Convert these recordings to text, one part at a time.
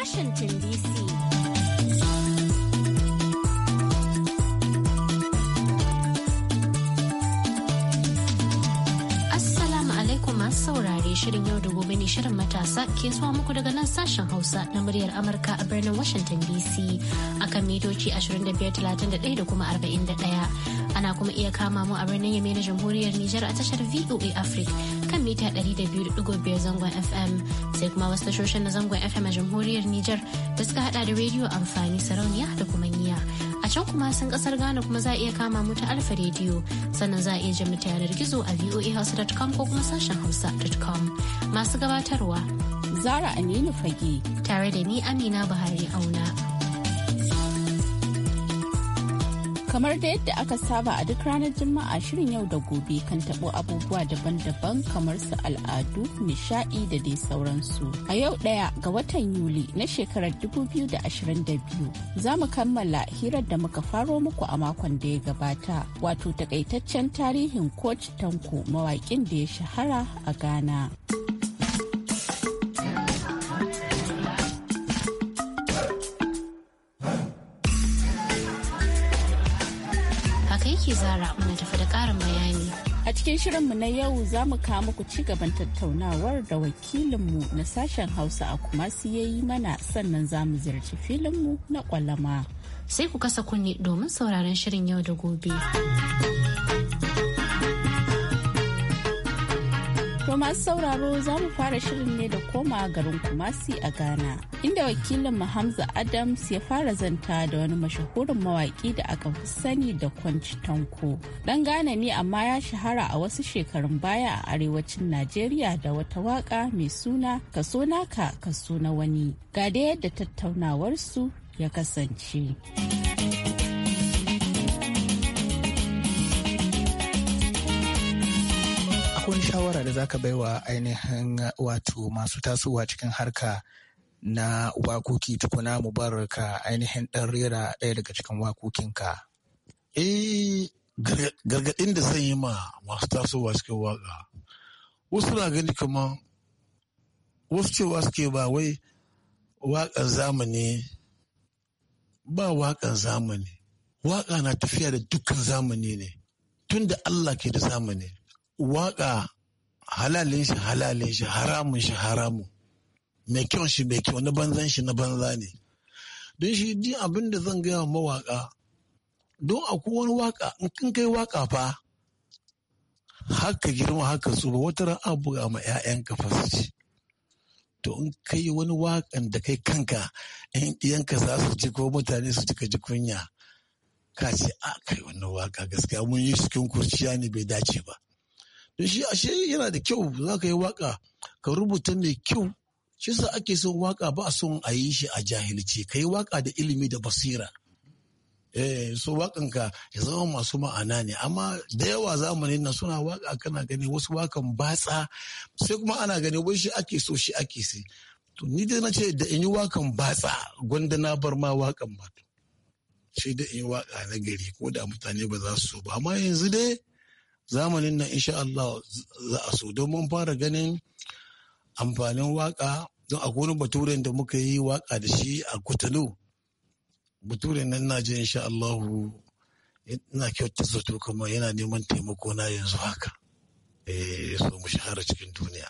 Washington DC. alaikum masu saurare shirin yau da gobe ne shirin matasa ke zuwa muku daga nan sashen Hausa na muryar Amurka a birnin Washington DC akan mitoci 2531 da kuma 41. Ana kuma iya kama mu a birnin Yemen na Jamhuriyar Nijar a tashar VOA Africa mita 200.5 zangon FM sai kuma wasu tashoshin na zangon FM a jamhuriyar Nijar da suka hada da rediyo amfani sarauniya da kuma niya. A can kuma sun kasar Ghana kuma za a iya kama mu ta alfa rediyo sannan za a iya jami yanar gizo a voahouse.com ko kuma sashen hausa.com. Masu gabatarwa. Zara Aminu Fage. Tare da ni Amina Buhari Auna. Kamar da yadda aka saba a duk ranar Juma'a shirin yau da gobe kan tabo abubuwa daban-daban kamar su al'adu, nishaɗi da dai sauransu. A yau ɗaya ga watan Yuli na shekarar 2022 za mu kammala hirar da muka faro muku a makon da ya gabata wato takaitaccen tarihin Coach Tanko mawaƙin da ya shahara a Ghana. cikin shirinmu na yau za mu kawo muku ci gaban tattaunawar da wakilinmu na sashen Hausa a kuma ya yi mana sannan za mu ziyarci filinmu na kwalama. Sai ku kasa kunne domin sauraron shirin yau da gobe. To masu sauraro za mu fara shirin ne da koma garin Kumasi a Ghana, inda wakilin Hamza Adams ya fara zanta da wani mashahurin mawaƙi da aka fi sani da Kwanci Tanko. Dan Ghana ne amma ya shahara a wasu shekarun baya a arewacin Najeriya da wata waƙa mai suna kaso naka kaso na wani. Ga da yadda tattaunawarsu ya kasance. akwai wani shawara da zaka baiwa ainihin wato masu tasowa cikin harka na wakoki tukuna mubaraka ainihin ɗan rera ɗaya daga cikin wakokinka? Eh, gargaɗin da zan yi ma masu tasowa cikin waka. Wasu na gani kamar wasu cewa suke ba wai waƙan zamani ba waƙan zamani. Waƙa na tafiya da dukkan zamani ne, tun da Allah ke da zamani. waƙa halalin shi halalin shi haramun shi haramun mai kyau shi mai kyau na banzan shi na banza ne don shi din abin da zan gaya mawaƙa don akwai wani waƙa in kin kai waƙa fa haka girma haka su ba wata abu ga ma 'ya'yanka ka ci to in kai wani waƙan da kai kanka in ɗiyanka za su ji ko mutane su cika ji kunya ka ce a kai wani waƙa gaskiya mun yi cikin kurciya ne bai dace ba shi ashe yana da kyau za ka yi waka ka rubuta mai kyau shi sa ake son waka ba a son a yi shi a jahilci ka yi waka da ilimi da basira eh so ka ya zama masu ma'ana ne amma da yawa zamani na suna waka kana gani wasu wakan batsa sai kuma ana gani wai shi ake so shi ake sai to ni dai na ce da in yi wakan batsa gwanda na bar ma wakan ba sai da in yi waka na gari ko da mutane ba za su so ba amma yanzu dai zamanin nan insha Allah za a so don mun fara ganin amfanin waka don a wani baturen da muka yi waka da shi a kutalo baturen nan na ji insha Allah ina kyautar zato kuma yana neman taimako na yanzu haka eh so mu shahara cikin duniya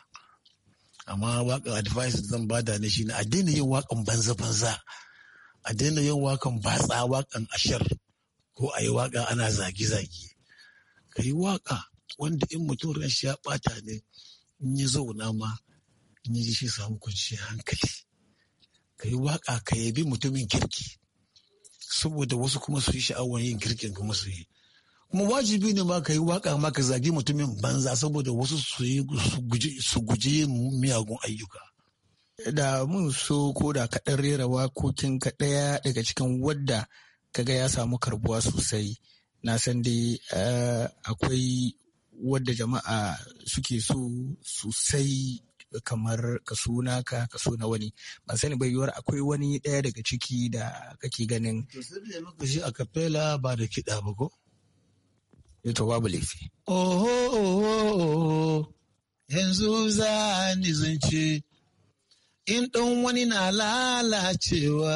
amma waka advice zan bada ne shi a daina yin wakan banza banza a daina yin wakan batsa wakan ashar ko a yi waka ana zagi-zagi." ka yi waka wanda in mutum ran ya bata ne in yi zauna ma in ya shi samu kwanciyar hankali ka yi waka ka yabi mutumin kirki saboda wasu kuma su yi sha'awar yin kirkin kuma su yi kuma wajibi ne ma ka yi waka ma ka zagi mutumin banza saboda wasu su guji yin miyagun ayyuka da mun so ko da kaɗan rera wakokin ka ɗaya daga cikin wadda kaga ya samu karbuwa sosai na san dai eh, akwai wadda jama'a suke so sosai kamar ka suna ka ka na wani ban sani bai yiwuwar akwai wani ɗaya daga ciki da kake ganin to shi a kapela ba da kiɗa ba ko eh babu laifi oho oho oho yanzu za ni zance in ɗan wani na lalacewa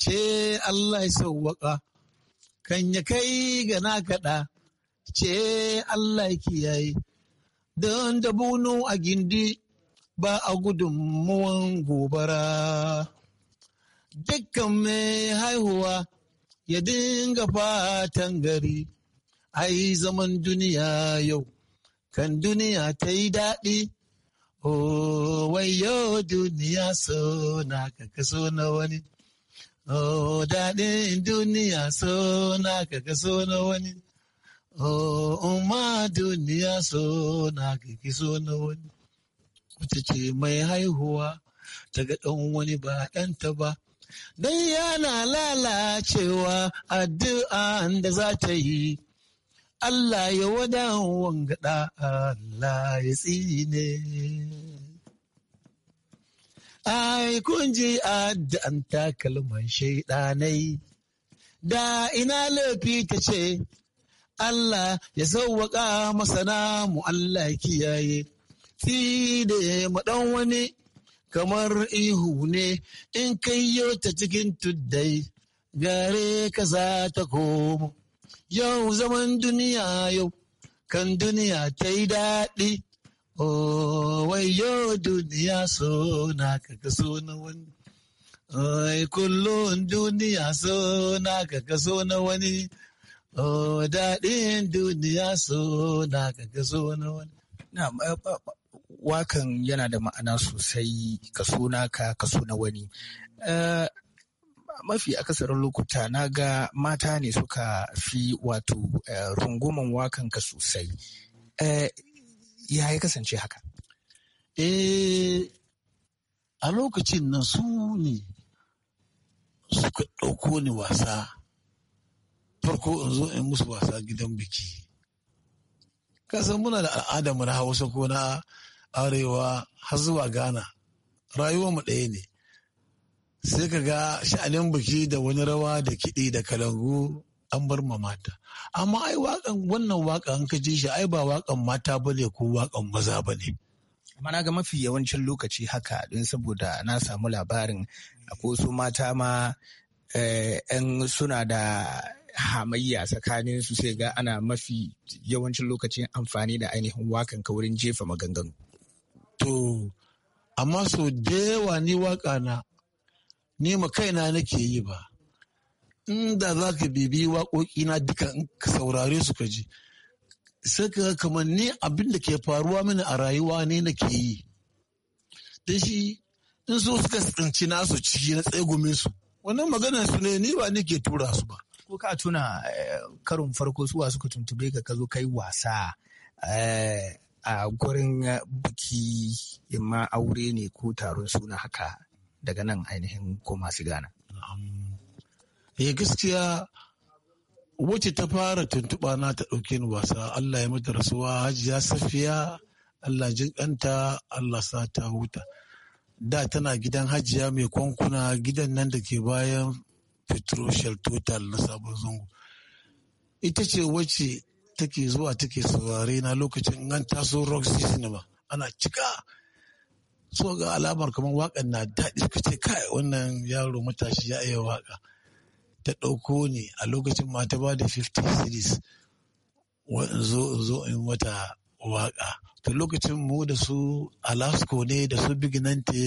ce Allah ya sauwaka kan ya kai ga na kaɗa ce Allah ki yi. don da bunu a gindi ba a gudunmuwan gobara. Dukkan mai haihuwa ya dinga fatan gari, ai zaman duniya yau, kan duniya ta yi daɗi. Oh, wayo duniya so na kaka so na wani. Oh, daɗin duniya so na kaga so na wani. Oh, umma duniya so na kaga so na wani. Wace ce mai haihuwa ga ɗan wani ba ɗanta ba. Don yana lalacewa addu'a da za ta yi. Allah ya wada wangada Allah ya tsine. ai kun ji addan takalman shaidanai da ina laifi ta ce Allah ya sauwaƙa masana mu Allah kiyaye ti da maɗan wani kamar ihu ne in kai ta cikin tuddai gare ka za ta koma. yau zaman duniya yau kan duniya ta yi daɗi wayo duniya so na kaka so na wani Oi, kullum duniya so na kaka so na wani O oh, daɗin duniya so na kaka so na wani na eh, wakan yana da ma'ana sosai ka ka so na wani eh, mafi akasarin lokuta na ga mata ne suka fi wato eh, wakan wakanka sosai ya ya kasance haka? Eh, a lokacin nan su ne suka ɗauko ni wasa farko in zo in musu wasa gidan biki. Kasan muna da al'ada mu na hausa ko na arewa har zuwa Ghana, rayuwar mu ɗaya ne. Sai ka ga sha'anin biki da wani rawa da kiɗi da kalangu an bar ma mata amma ai wakan wannan waka an ka ji shi ai ba wakan mata bane ko wakan maza bane mana ga mafi yawancin lokaci haka don saboda na samu labarin ko su mata ma yan eh, suna da hamayya tsakanin su sai ga ana mafi yawancin lokacin amfani da ainihin wakan ka wurin jefa maganganu. To, amma so da yawa ni waka na, ni ma kaina nake yi ba. inda za ka bibi waƙoƙi na duka ka saurare su ka ji sai ka kamar ni abin da ke faruwa mini a rayuwa ne na ke yi da shi in so suka tsinci nasu ciki na tsegumin su wannan maganar su ne ni ba ni ke tura su ba ko ka tuna eh, karin farko suwa suka tuntube ka zo kai wasa eh, a gurin eh, biki ma aure ne ko taron suna haka daga nan ainihin koma su gana. ya eh, gaskiya wacce ta fara tuntuɓa na ta ɗauke ni wasa Allah ya mata rasuwa hajiya safiya Allah jin ɗanta, Allah sa ta huta da tana gidan hajiya mai kwankuna gidan nan da ke bayan petroshel total na sabon zango ita ce wacce take zuwa take saurare na lokacin an taso rock cinema ana cika so ga alamar kamar waƙan na daɗi suka ce kai wannan yaro matashi ya iya waƙa. ta ɗauko ni a lokacin ma ta ba da 50 series zo zo in wata waka to lokacin mu da su alasko ne da su biginante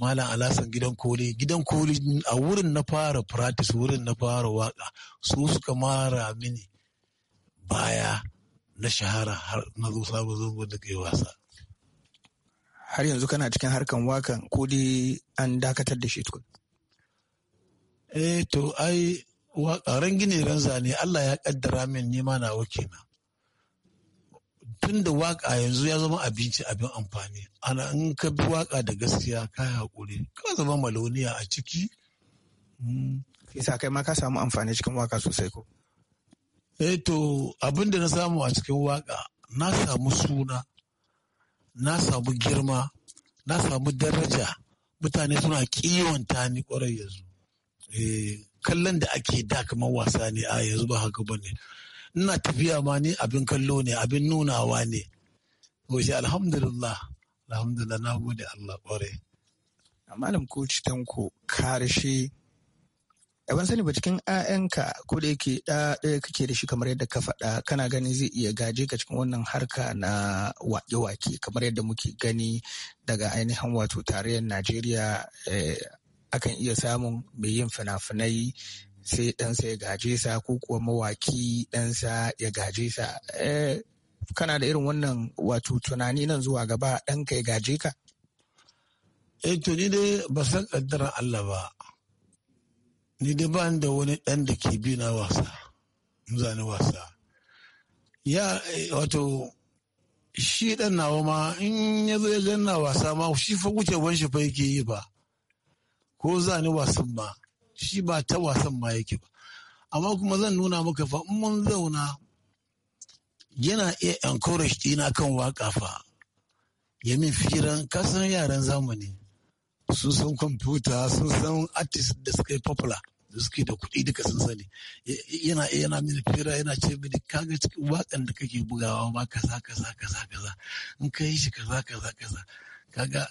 malam alasan gidan koli gidan koli a wurin na fara practice wurin na fara waka su suka mara mini baya na shahara har na zo sabon zango da kai wasa har yanzu kana cikin harkan wakan ko an dakatar da shi tukun eh to ai ran gini ran zane Allah ya ƙaddara min nima nawa kenan tun da waka yanzu ya zama abinci abin amfani ana in ka bi waka da gaskiya ka haƙuri ka zama maloniya a ciki isa hmm. kai ma ka samu amfani cikin waka sosai ko eh to abin da na samu a cikin waƙa na samu suna na samu girma na samu daraja mutane suna kiwon ta ni kwarai yanzu Eh, kallon da ake da kamar wasa ne a yanzu ba haka ba ne ina tafiya ma ne abin kallo ne abin nunawa ne to shi alhamdulillah alhamdulillah na gode Allah kware malam koci tanko karshe a eh, ban sani ba cikin 'ya'yanka ko da yake ɗaya kake da shi kamar yadda ka faɗa kana ganin zai iya gaje ka cikin wannan harka na wake-wake kamar yadda muke gani daga ainihin wato tarayyar najeriya eh, akan iya samun mai yin fina-finai sai ɗansa ya gaje sa ko kuwa mawaki ɗansa ya gaje sa eh, kana da irin wannan wato tunani nan zuwa gaba ɗanka ya gaje ka eh to ni dai ba san ƙaddarar Allah ba ni dai ba da wani ɗan da ke bi na wasa zani wasa ya eh, wato shi ɗan nawa ma in ya zo ya ganna wasa ma shi fa wucewan shi fa yake yi ba ko za ni wasan ma shi ba ta wasan ma yake ba amma kuma zan nuna maka fa in mun zauna yana iya encourage dina kan waka fa ya min firan kasan yaran zamani sun san kwamfuta sun san artist da suka yi popular da suke da kuɗi duka sun sani yana yana mini fira yana ce mini kaga cikin waƙan da kake bugawa ma kaza kaza kaza kaza in ka shi kaza kaza kaza kaga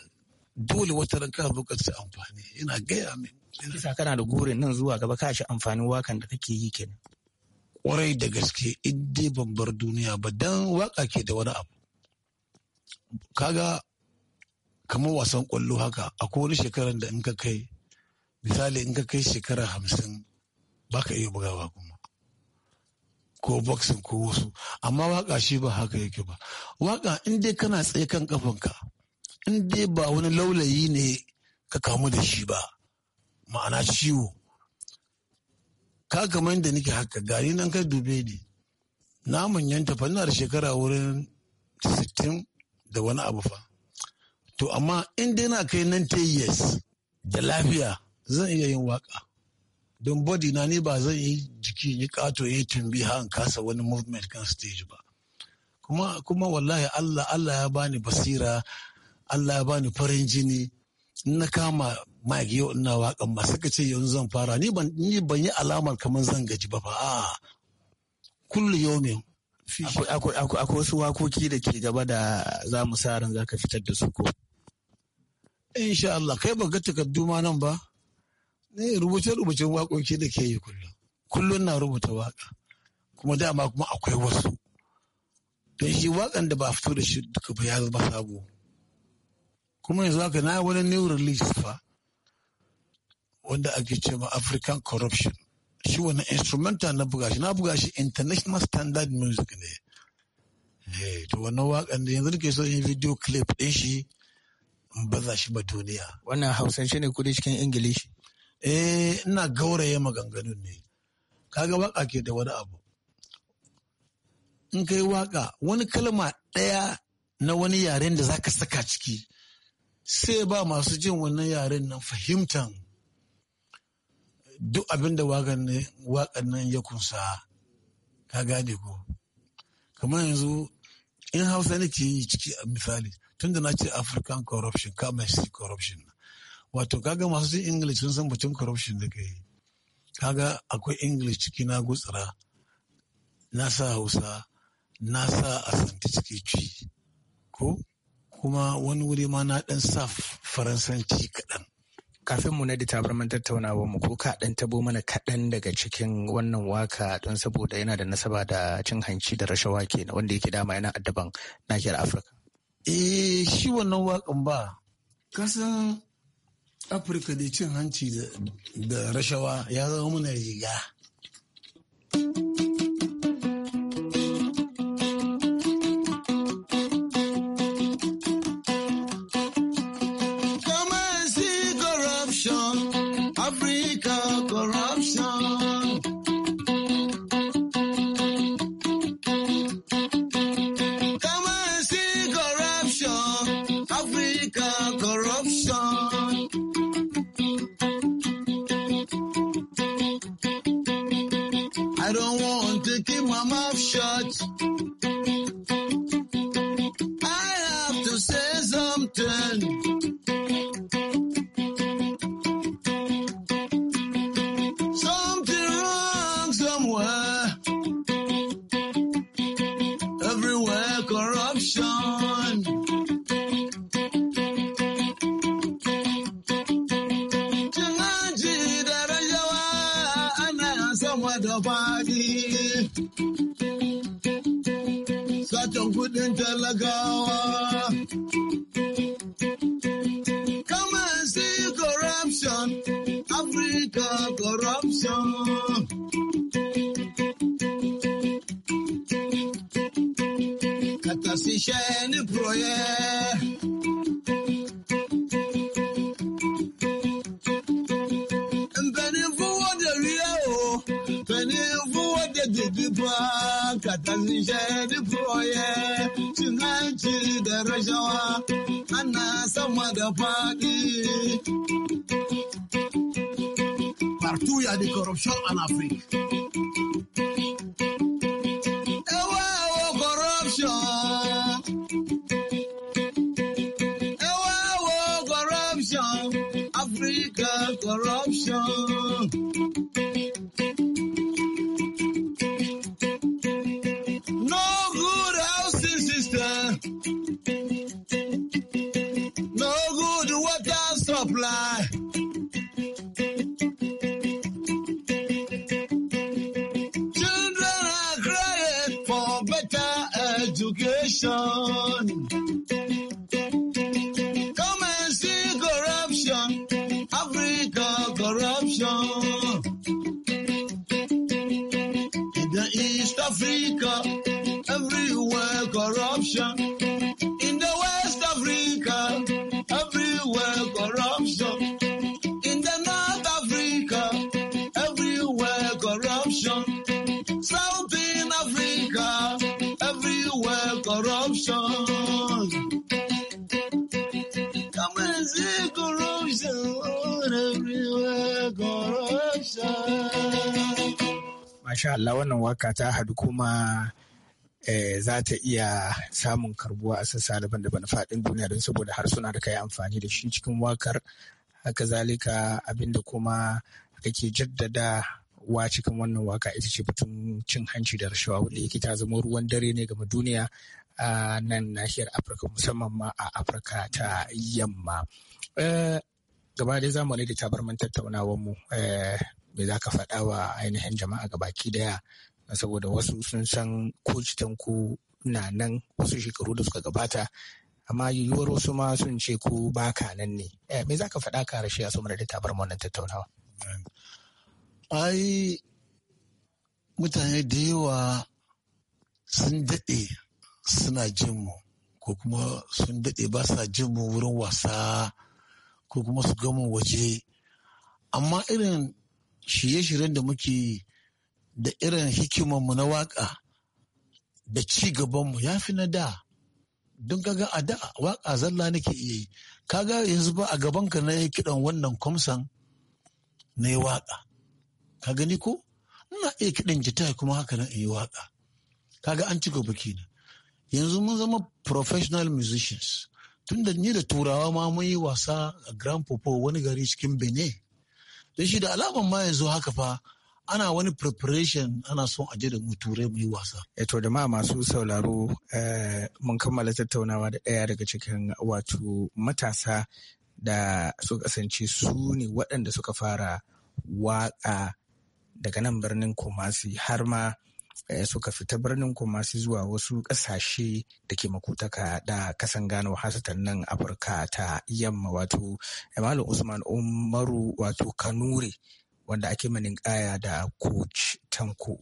dole wata ran kana bukatar amfani ina gaya min kisa kana da gurin nan zuwa gaba ka shi amfanin wakan da kake yi kenan kwarai da gaske in dai ban duniya ba dan waka ke da wani abu kaga kamar wasan kwallo haka akwai wani shekarar da in ka kai misali in ka kai shekara hamsin ba ka iya bugawa kuma ko boxing ko wasu amma waka shi ba haka yake ba waka in dai kana tsaye kan kafanka in dai ba wani laulayi ne ka kamu da shi ba ma'ana ciwo ka kamar da nake haka gari nan ka dube ni na manyanta tafa na da shekara wurin sittin da wani abu fa to amma in dai na kai nan ta yes da lafiya zan iya yin waka don body na ne ba zan yi jiki yi kato yi tumbi har kasa wani movement kan stage ba kuma kuma wallahi Allah Allah ya bani basira Allah ya bani farin jini na kama mike yau ina waƙan masu suka ce yanzu zan fara ni ban yi alamar kamar zan gaji ba fa a kullu yaumin akwai wasu wakoki da ke gaba da za mu sa ran zaka fitar da su ko insha Allah kai ba ga takardu ma nan ba ne rubuce rubucen wakoki da ke yi kullum kullum na rubuta waka kuma dama kuma akwai wasu don shi wakan da ba fito da shi duka ba ya zama sabo kuma yanzu haka na wani new release fa wanda ake ce ma african corruption shi wani instrumental na buga shi na buga shi international standard music ne eh to wannan wakan da yanzu nake so yin video clip din shi in baza shi ba duniya wannan shi ne kudi cikin ingilishi eh ina gauraye maganganun ne kaga waka ke da wani abu in kai waka wani kalma ɗaya na wani yaren da zaka saka ciki sai ba masu jin wannan yaren nan fahimtan duk abinda da nan ya kunsa ka gane ko kamar yanzu in hausa nake yi ciki a misali tun da na ce african corruption commerce corruption wato kaga masu jin english sun san batun corruption da ka yi kaga akwai english ciki na gutsira na sa hausa na sa asanti ciki ci ko kuma wani wuri ma na ɗan sa faransanci kaɗan. kafin mu nadi tabarman tattaunawa mu ko ka dan tabo mana kaɗan daga cikin wannan waka don saboda yana da nasaba da cin hanci da rashawa ke na wanda yake dama yana addaban nahiyar afirka eh shi wannan wakan ba kasan afirka da cin hanci da rashawa ya zama mana riga da faɗi. Satan kuɗin talagawa. kaɗan shaidi koye cin da rashawa ana sama da faɗi. Partout, il y a des corruptions en Afrique. Africa, everywhere corruption. Allah wannan waka ta hadu kuma eh, za ta iya samun karbuwa a sassa daban-daban faɗin duniya don saboda har suna da kai amfani da shi cikin wakar haka zalika abinda kuma kake jaddada wa cikin wannan waka ita ce batun cin hanci da rashawa wanda yake ta zama ruwan dare ne game duniya a nan nahiyar afirka musamman ma a afirka ta yamma eh, gaba dai zamani da tabarman tattaunawar mu eh, me za ka faɗa wa ainihin jama'a ga baki daya saboda wasu sun san ko ku na nan wasu shekaru da suka gabata amma yiwuwar wasu ma sun ce ko baka nan ne eh, me za ka faɗa ka rashe a saman da bar wannan tattaunawa ai mutane da yawa sun daɗe suna jin mu ko kuma sun daɗe ba sa jin mu wurin wasa ko kuma su gama waje amma irin shirye-shiryen da muke da irin hikimanmu na waka da ci gabanmu ya fi na da don kaga a da waka zalla nake iya yi kaga yanzu ba a gaban ka na kiɗan wannan kwamsan na yi waka ka gani ko ina iya kiɗan jita kuma haka na yi waka kaga an ci gaba kenan yanzu mun zama professional musicians tun da ni da turawa ma mun yi wasa a grand popo wani gari cikin benin da shi da alaman ma yanzu haka fa ana wani preparation ana son aje da mu turai mu yi wasa. Eto eh, da ma masu sauraro eh, mun kammala tattaunawa da ɗaya daga cikin wato matasa da su kasance su ne waɗanda suka fara waƙa daga nan birnin Kumasi har ma Eh, suka fita birnin masu zuwa wasu ƙasashe da ke makutaka da kasan gano hasatan nan afirka ta yamma wato eh, malam usman umaru wato kanure wanda ake manin kaya da coach tanko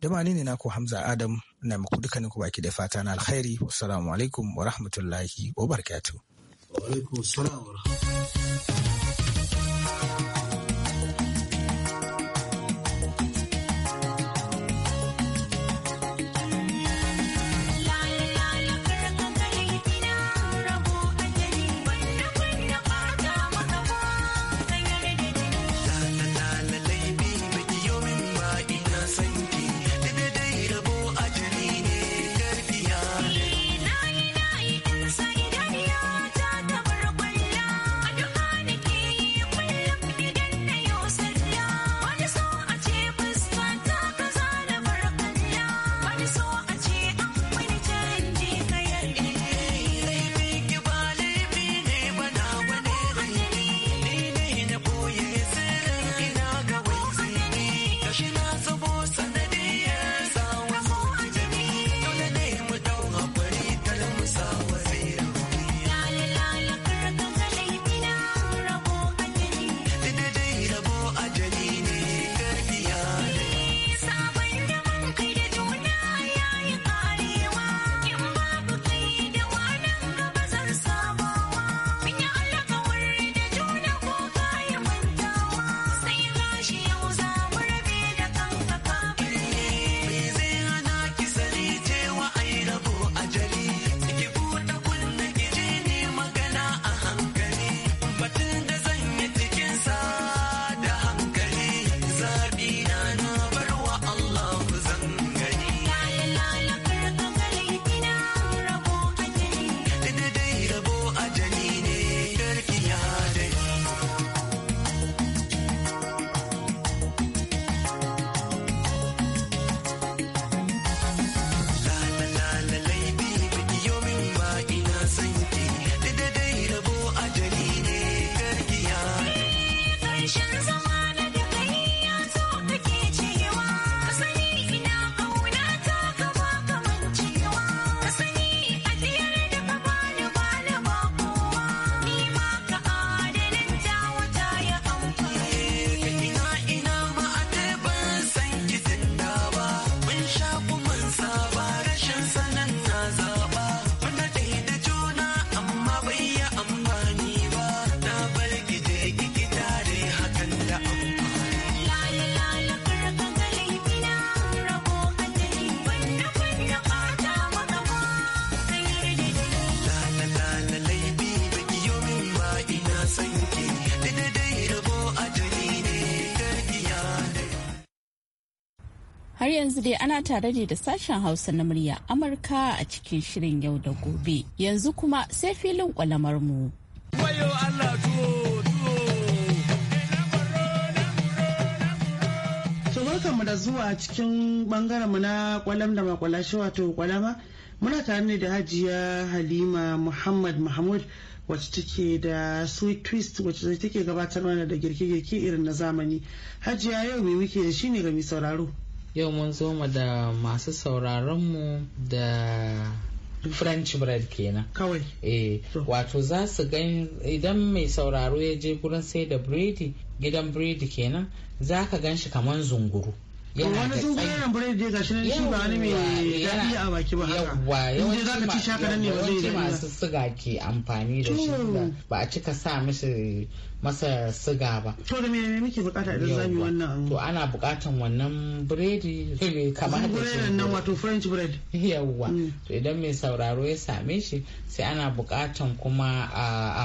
da ne na ku hamza adam na muku dukkanin ku baki da fata na alkhairi wassalamu alaikum wa rahmatullahi wa barakatuh wa alaikum assalam wa rahmatullahi Shin yanzu dai ana tare ne da sashen Hausa na murya Amurka a cikin shirin yau da gobe. Yanzu kuma sai filin kwalamar mu. mu da zuwa cikin bangaren mu na kwalam da makwalashi wato kwalama muna tare ne da hajiya halima muhammad mahmud wacce take da sweet twist wacce take gabatar mana da girke-girke irin na zamani hajiya yau mai muke da shi ne ga mai sauraro yau mun zo ma da masu sauraronmu da french bread kenan kawai eh wato za su gan idan mai sauraro ya je gurin sai da biredi gidan biredi kenan za ka gan shi kamar zunguru wani zunguren biredi ga nan shi ba wani mai a baki ba haka yawanci ci shaka nan ne ba zai masu siga ke amfani da shi ba a cika sa mishi masa siga ba. To da menene muke bukata idan za mu wannan? To ana bukatan wannan biredi kamar da shi. nan wato French bread. Yawwa. Mm. To idan mai sauraro ya same shi sai ana bukatan kuma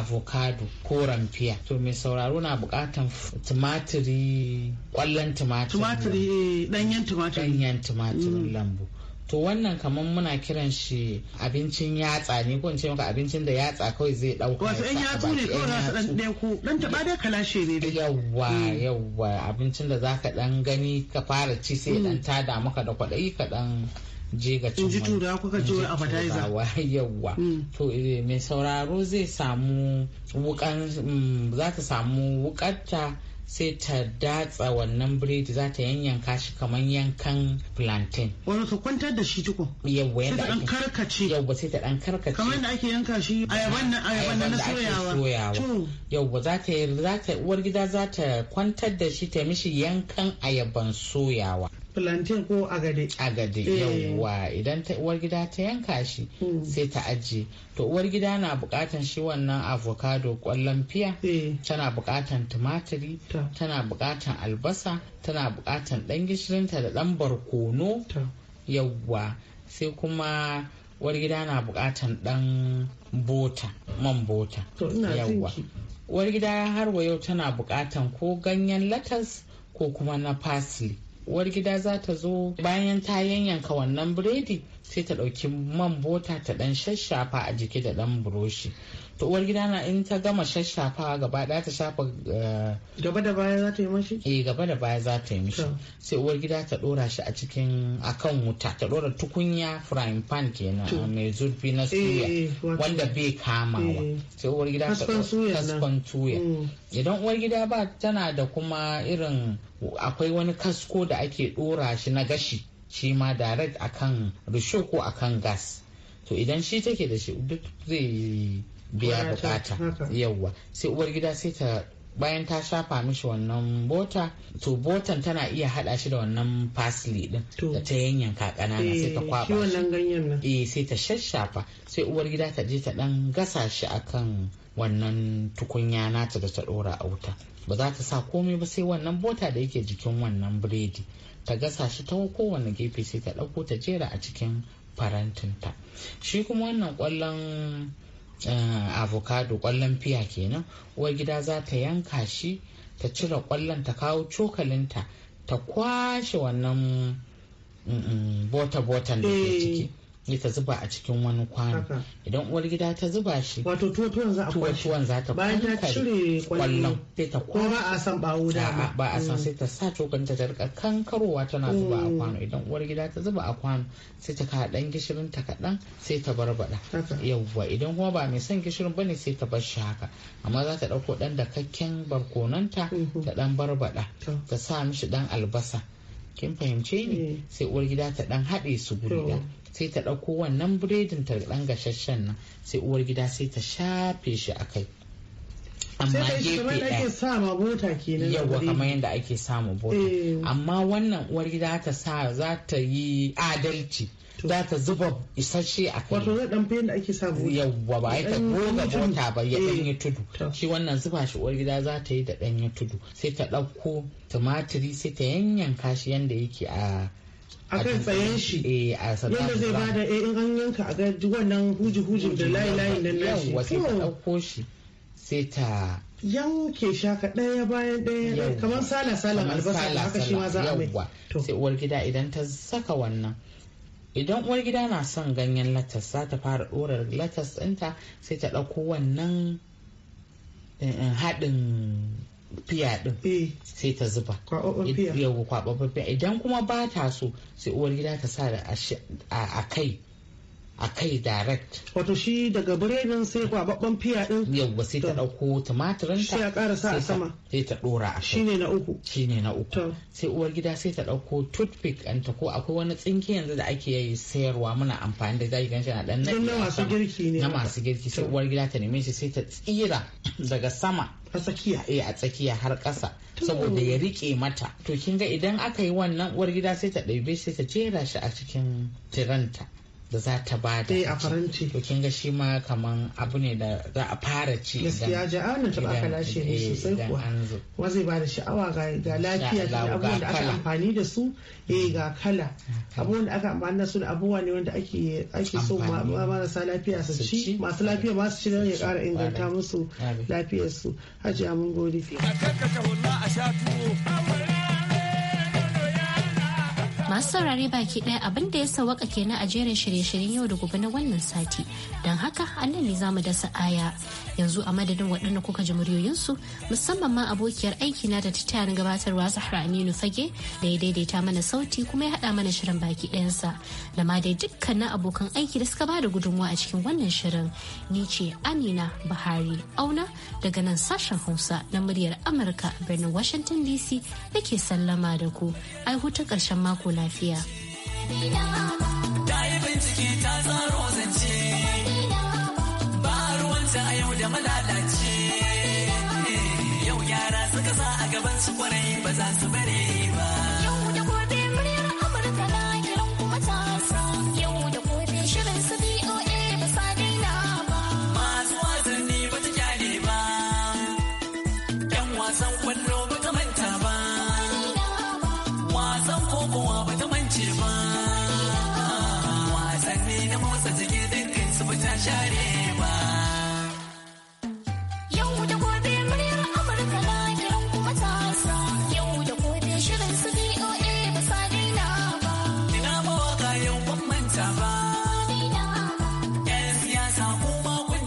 avocado ko ramfiya. To mai sauraro na bukatan tumatiri kwallon tumatiri. Tumatiri danyen eh, tumatiri. Danyen tumatirin mm. lambu. to wannan kamar muna kiran shi abincin yatsa ne ko ce maka abincin da yatsa kawai zai dauka Wasu yan yatsu ne kawai za su dan ɗaya dan taba da kalashe ne dai yawwa hmm. yawwa abincin da zaka dan gani ka fara ci sai dan hmm. tada maka da kwaɗayi ka dan je ga cin ji tura kuka ji appetizer yawwa hmm. to eh, mai sauraro zai samu wukan za ta samu wukatta sai ta datsa wannan bread za ta yanyanka shi kamar yankan plantain wani ka kwantar da shi tuko yawwa yadda ake karkace yawwa sai ta dan karkace kamar yadda ake yanka shi ayaban nan ayaban nan na soyawa yawwa za ta yi za ta uwar gida za ta kwantar da shi ta mishi yankan ayaban soyawa plantain ko agade agade eh. yawwa idan uwar gida ta yanka shi hmm. sai ta ajiye to uwar gida na bukatan shi wannan avocado kwallon fiya eh. tana bukatan tumatiri tana bukatan albasa tana bukatan dan gishirinta da dan barkono yawwa sai kuma uwar gida na bukatan dan bota man bota yawwa uwar gida har wa yau tana bukatan ko ganyen latas ko kuma na parsley uwar gida za ta zo bayan ta yanyanka wannan biredi sai ta ɗauki man bota ta ɗan shashafa a jiki da ɗan buroshi to uwar gida na in ta gama shashafa gaba daya ta shafa eh, gaba da baya za ta yi mashi eh gaba da baya za ta yi mishi sai uwar gida ta dora shi a cikin akan wuta ta dora tukunya frying pan kenan mai zurfi na suya eh, eh, wanda bai kamawa sai uwar gida ta kaskon suya mm. idan uwar gida ba tana da kuma irin akwai wani kasko da ake dora shi na gashi shi ma direct akan risho ko akan gas to idan shi take da shi duk zai biya bukata yawa sai uwar gida sai ta bayan ta shafa mishi wannan bota to botan tana iya hada shi da wannan parsley din da ta yanyanka kanana sai ta eh, kwaba shi eh sai ta shashafa sai uwar gida ta je ta dan gasa shi akan wannan tukunya nata da ta dora a wuta ba za ta sa komai ba sai wannan bota da yake jikin wannan biredi ta gasa shi ta kowane gefe sai ta dauko ta jera a cikin farantinta shi kuma wannan kwallon Eh, avocado kwallon fiya kenan uwar gida za ta yanka shi ta cire kwallon ta kawo cokalinta ta kwashe wannan mm, mm, bota-botan da ke eh. ciki ne ta zuba a cikin wani kwano idan uwar gida ta zuba shi wato tuwon za a tuwon za ta bayan ta cire kwallon sai ta ko ba a san bawo da ba a san mm. sai ta sa cokan ta rika kankarowa tana zuba a mm. kwano idan uwar gida ta zuba a kwano sai ta kaɗa dan gishirin ta kaɗan sai ta barbada yawwa idan kuma ba mai son gishirin bane sai ta bar shi haka amma za ta ɗauko ɗan dakakken barkonanta mm-hmm. ta ɗan barbada ta sa mishi dan albasa kin fahimce ni eh. sai uwar gida ta dan haɗe su guri da sai ta ɗauko wannan biredin ta ɗan gashashen nan sai uwar gida sai ta shafe shi a kai amma gefe ɗaya yawa kamar yadda ake samu bota eh. amma wannan uwar gida ta sa za ta yi adalci za ta zuba isasshe a kai wato zai ɗanfe yadda ake samu yawa ba ya ta goga bota ba ya dan eh. yi tudu shi wannan zuba shi uwar gida za ta yi da dan yi tudu sai ta ɗauko tumatiri sai ta yanyanka shi yadda yake a kan tsayen shi eh, yadda zai ba da eh, in an yanka a gaji wannan huji-hujin da layi-layi na nashi yawa sai ta ɗauko shi sai ta yanke shaka ɗaya bayan ɗaya kamar sala-salan albasa da haka shi ma za a mai sai uwar gida idan ta saka wannan idan uwar gida na son ganyen latas za ta fara ɗora latas ɗinta sai ta ɗauko wannan eh, haɗin fiya din e. sai ta zuba yau kwaɓaɓɓen fiya idan kuma ba ta so sai uwar gida ta sa da a kai a kai direct wato shi daga biredin sai kwababban fiya din ba sai ta dauko tumatirin ta sai ƙara sa a sama sai ta dora a ne na uku Shi ne na uku sai uwar gida sai ta dauko toothpick an ta ko akwai wani tsinke yanzu da ake yi sayarwa muna amfani da zaki ganshi na dan na masu girki ne na masu girki sai uwar gida ta neme shi sai ta tsira daga sama ta tsakiya eh a tsakiya har ƙasa saboda ya riƙe mata to kin ga idan aka yi wannan uwar gida sai ta ɗaibe sai ta jera shi a cikin tiranta da za ta ba da eh, a faranci. to kin ga shi ma kaman abu ne da za a fara ci gaskiya an ta baka lashe ne eh, sosai ko wa zai ba da sha'awa ga lafiya da abubuwan da aka amfani da su eh mm. ga kala abubuwan da aka amfani da su da abubuwa ne wanda ake ake so sa lafiya su ci masu lafiya ba su ci don ya kara inganta musu lafiyar su haji mun gode a sha masu saurare baki ɗaya abinda ya sawaka kenan a jerin shirye-shiryen yau da gobe na wannan sati don haka annan ne zamu dasa aya yanzu a madadin waɗanda kuka ji muryoyinsu musamman ma abokiyar aiki na da ta na gabatarwa sahra aminu fage da ya daidaita mana sauti kuma ya haɗa mana shirin baki ɗayansa da ma dai dukkanin abokan aiki da suka bada gudunmawa a cikin wannan shirin ni ce amina buhari auna daga nan sashen hausa na muryar amurka birnin washington dc da ke sallama da ku ai hutun karshen mako lafiya. Ta yi bincike ta tsaro zance, ba ruwanta a yau da malalace. Yau yara suka sa a gaban su kwarai ba za su bari.